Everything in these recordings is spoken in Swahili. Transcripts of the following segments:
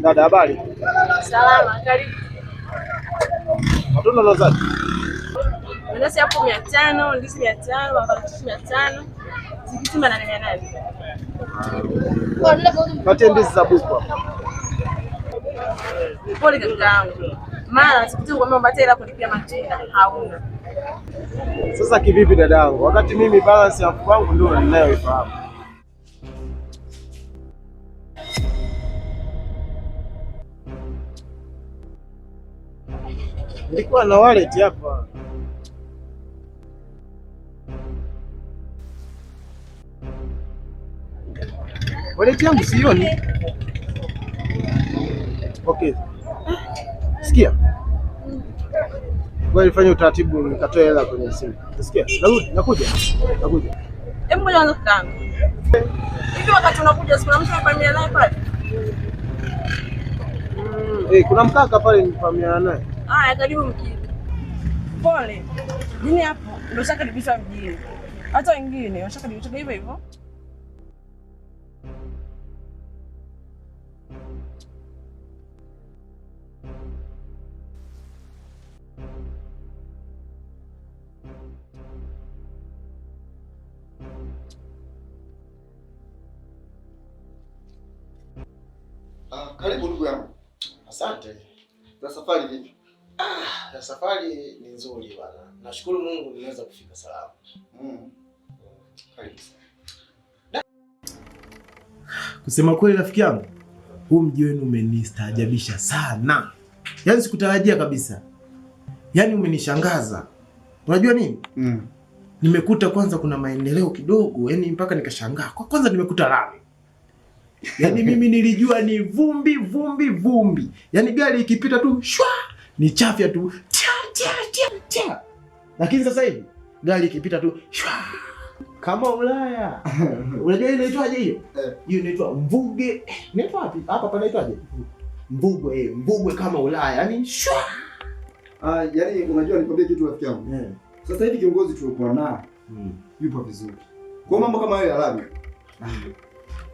Dada, habari? Salama, karibu. Matunda lozati. Nanasi hapo 500, ndizi 500, maparachichi 500, tikiti na nane nane. Patie ndizi za buku. Pole kakaangu. Mara sikutaka kwamba mbate ila kulipia matunda hauna. Sasa kivipi dadangu? Wakati mimi balance ya mfuko wangu ndio ninayoifahamu. Nilikuwa na wallet hapa. Wallet yangu sioni. Okay. Sikia. Wewe fanya utaratibu nikatoe hela kwenye simu. Sikia? Narudi, nakuja. Nakuja. Hebu ngoja nalo kanga. Hivi wakati unakuja siku namsha familia naye pale. Mm, eh, kuna mkaka pale nifahamiana naye. Haya, karibu mjini. Pole jini hapo ndio ushakaribishwa mjini, hata wengine washakaribishwa hivyo hivyo. Ah, karibu ndugu yangu. Asante. Za safari vipi? Ah, na safari ni nzuri bwana. Nashukuru Mungu nimeweza kufika salama. Mm. Kusema kweli rafiki yangu, huu mji wenu umenistaajabisha sana. Yaani sikutarajia kabisa. Yaani umenishangaza. Unajua nini? Mm. Nimekuta kwanza kuna maendeleo kidogo, yaani mpaka nikashangaa. Kwa kwanza nimekuta lami. Yaani mimi nilijua ni vumbi vumbi vumbi. Yaani gari ikipita tu shwaa ni chafya tu tia, tia, tia, tia. Lakini sasa hivi gari ikipita tu shwa, kama Ulaya unajua inaitwaje hiyo? Eh. Hiyo inaitwa mvuge. Inaitwa wapi hapa panaitwaje? Mbugwe, eh, mbugwe kama Ulaya yani shwa. Ah, yani unajua nikwambie kitu rafiki yangu. Yeah. Sasa hivi kiongozi tuliokuwa nao mm. yupo vizuri. Kwa mambo kama hayo yalabi. Hmm.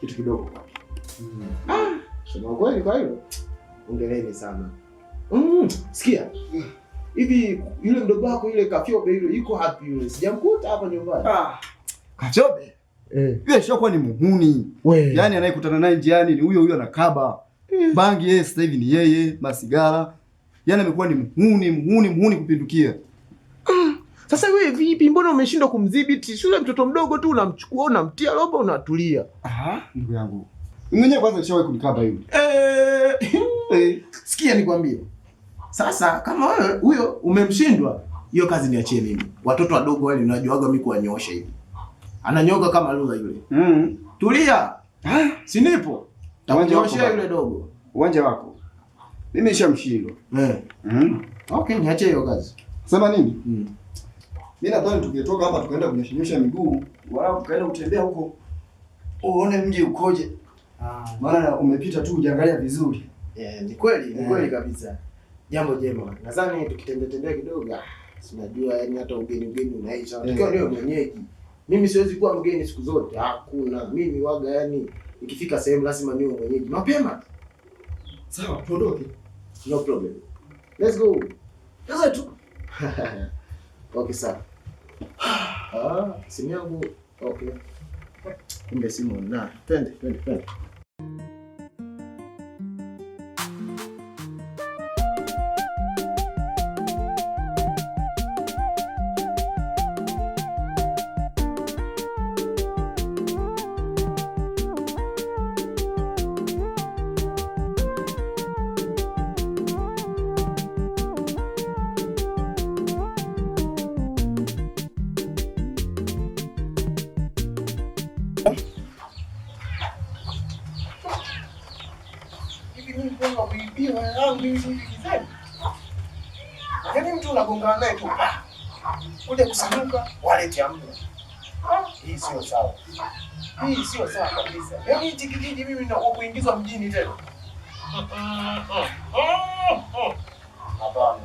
Kitu kidogo kwa Mm. Ah, sema kweli kwa hiyo. Ongeleni sana. Mm, sikia. Hivi yule mdogo wako yule Kafyobe yule yuko hapi yule? Sijamkuta hapa nyumbani. Ah. Kafyobe. Eh. Yule shokuwa ni muhuni. We. Yaani anayekutana naye njiani ni huyo huyo anakaba. Eh. Bangi yeye sasa hivi ni yeye, masigara. yani amekuwa ni muhuni, muhuni, muhuni kupindukia. Mm. Sasa we vipi? Mbona umeshindwa kumdhibiti? Shule mtoto mdogo tu unamchukua, unamtia roba, unatulia. Ah, ndugu yangu. Mwenyewe kwanza ushawahi kunikaba hivi. Eh. eh. Sikia nikwambie. Sasa kama wewe huyo umemshindwa, hiyo kazi niachie mimi. Watoto wadogo wale ninajuaga mimi kuwanyoosha hivi. Ananyoga kama lula yule. Mm. Tulia. Si nipo. Takunyoosha yule dogo. Uwanja wako. Mimi nishamshindwa. Eh. Mm. Okay, niachie hiyo kazi. Sema nini? Mm. Mimi nadhani tukitoka hapa tukaenda kunyosha miguu, wala tukaenda kutembea huko. Uone mji ukoje. Ah. Maana umepita tu ujaangalia vizuri. Eh, yeah, ni kweli, ni kweli yeah, kabisa jambo jema. Nadhani tukitembea kidogo, ah, sinajua yani hata ugeni ugeni unaisha, eh. unatakiwa leo mwenyeji. Mimi siwezi kuwa mgeni siku zote, hakuna. Mimi waga yani ikifika sehemu lazima niwe mwenyeji mapema. Sawa, tuondoke. No problem. Let's go. Sasa tu. Okay, sawa. Ah, simu yangu. Okay. Kumbe simu na. Twende, twende, twende. Yaani mtu unagongana naye tu kuja kusanuka walete amna. Hii sio sawa, hii sio sawa kabisa. Yaani hichi kijiji mimi na kuingizwa mjini tena. Hapana,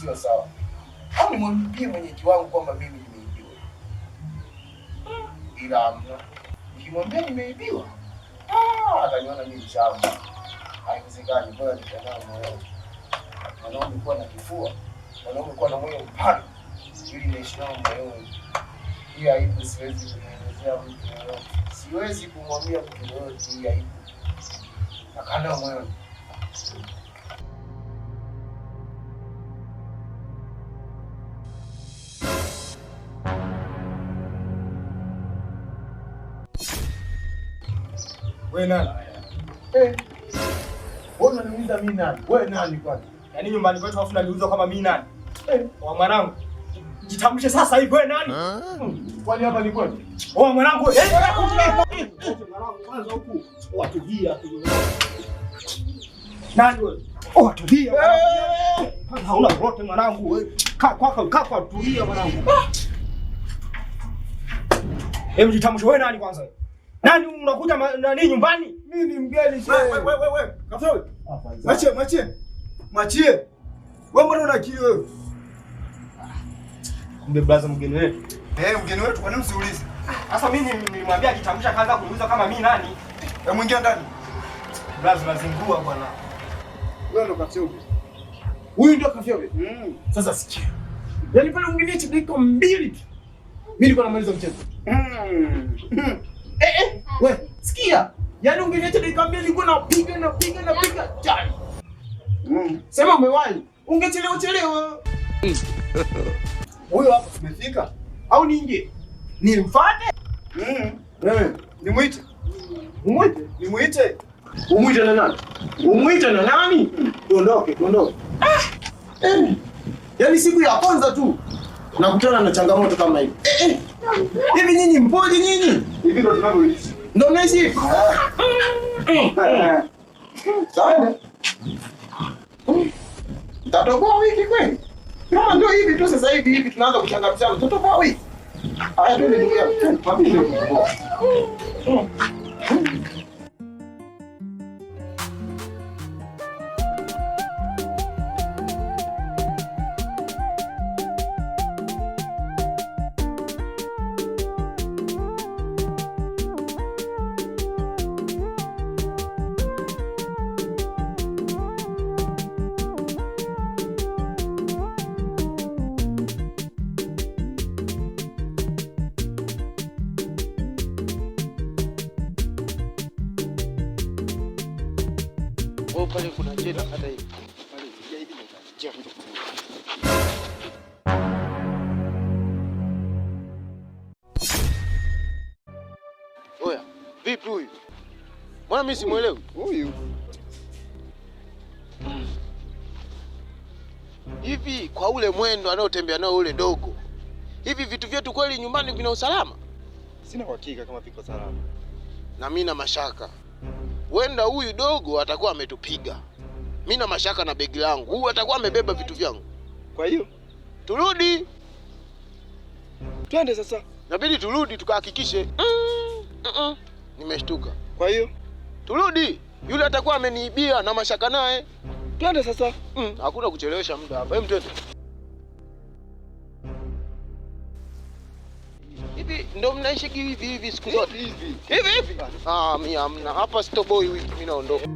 sio sawa. Au nimwambie mwenyeji wangu kwamba mimi ila nikimwambia nimeibiwa, ataniona ah, mimi mchawi. Haiwezekani, bora nikaanao moyo. Mwanaume kuwa na kifua, mwanaume kuwa na moyo mpana, ili naishi nao moyoni. Hii aibu siwezi kumwelezea mtu yoyote, siwezi kumwambia mtu yoyote hii aibu, nakaa moyoni. Wewe nani? Eh. Wewe unaniuliza mimi nani? Wewe nani kwanza? Yaani nyumbani kwetu halafu unaniuliza kama mimi nani? Eh. Wa mwanangu. Jitambulishe sasa hivi wewe nani? Hmm. Kwani hapa ni kwetu? Wa mwanangu. Eh. Kwanza huku watu hii hatu. Nani wewe? Oh, tulia eh. Hauna rote mwanangu Kaa kwako, kaa kwa tulia mwanangu. Ah. Hebu jitambulishe wewe nani kwanza? Nani unakuja nani nyumbani? Mimi ni mgeni shehe. Wewe wewe wewe. Kafiri. Machie machie. Machie. Wewe mbona una akili wewe? Kumbe blaza mgeni wetu. Eh, mgeni wetu kwa nini usiulize? Sasa mimi nilimwambia akitamsha kaanza kuuliza kama mimi nani. Eh, mwingia ndani. Blaza mazingua bwana. Wewe ndo kafiri. Huyu ndo kafiri. Mm. Sasa sikia. Yaani pale mwingine chini mbili tu. Mimi na namaliza mchezo. Mm. We, sikia. Yaani ungeniacha dakika mbili nilikuwa napiga napiga napiga chai. Mm. Sema umewali. Ungechelewa chelewa. Huyo hapo tumefika. Au niingie? Nimfuate? Mm. Eh, nimuite. Umuite? Nimuite. Umuite na nani? Umuite na nani? Tuondoke, tuondoke. Ah. Eh, eh. Yaani siku ya kwanza tu nakutana na changamoto kama hivi. Eh, eh. Hivi nyinyi mpoje nyinyi? Hivi ndo tunavyoishi. Ndo mnaishi. Sawa. Tatoboa wiki kweli? Kama ndio hivi tu sasa hivi hivi tunaanza kuchangamshana. Tatoboa wiki. Haya, twende dunia. Twende pamoja. pale kuna hata hivi. Oya, vipi huyu? Mbona mimi simuelewi? Huyu. Hivi kwa ule mwendo anaotembea nao ule dogo. Hivi vitu vyetu kweli nyumbani vina usalama? Sina uhakika kama viko salama. Na mimi na mashaka huenda huyu dogo atakuwa ametupiga. Mimi na mashaka na begi langu, huyu atakuwa amebeba vitu vyangu. Kwa hiyo turudi, twende sasa. Nabidi turudi tukahakikishe. Mm, mm, nimeshtuka. Kwa hiyo turudi, yule atakuwa ameniibia na mashaka naye. Twende sasa. Mm, hakuna kuchelewesha muda hapa, hem, twende. hivi ndio mnaishi hivi hivi siku zote hivi hivi hivi. Ah, mimi hamna hapa, stoboi wiki mimi naondoka.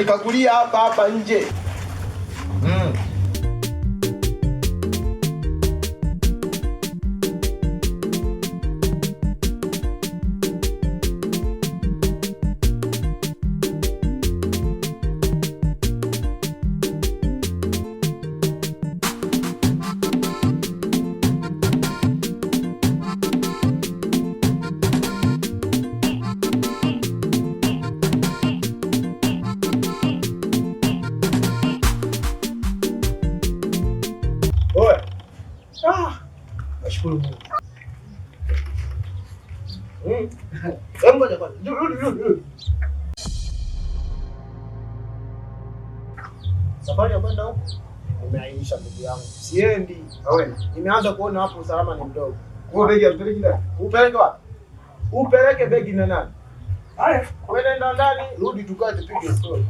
alikagulia hapa hapa nje. Nashukuru Mungu. Safari ya kwenda huko nimeainisha, ndugu yangu, siendi. Nimeanza kuona hapo usalama ni mdogo. Upeleke wapi? Upeleke begi na nani? Haya, wewe nenda ndani, rudi tukae tupige story.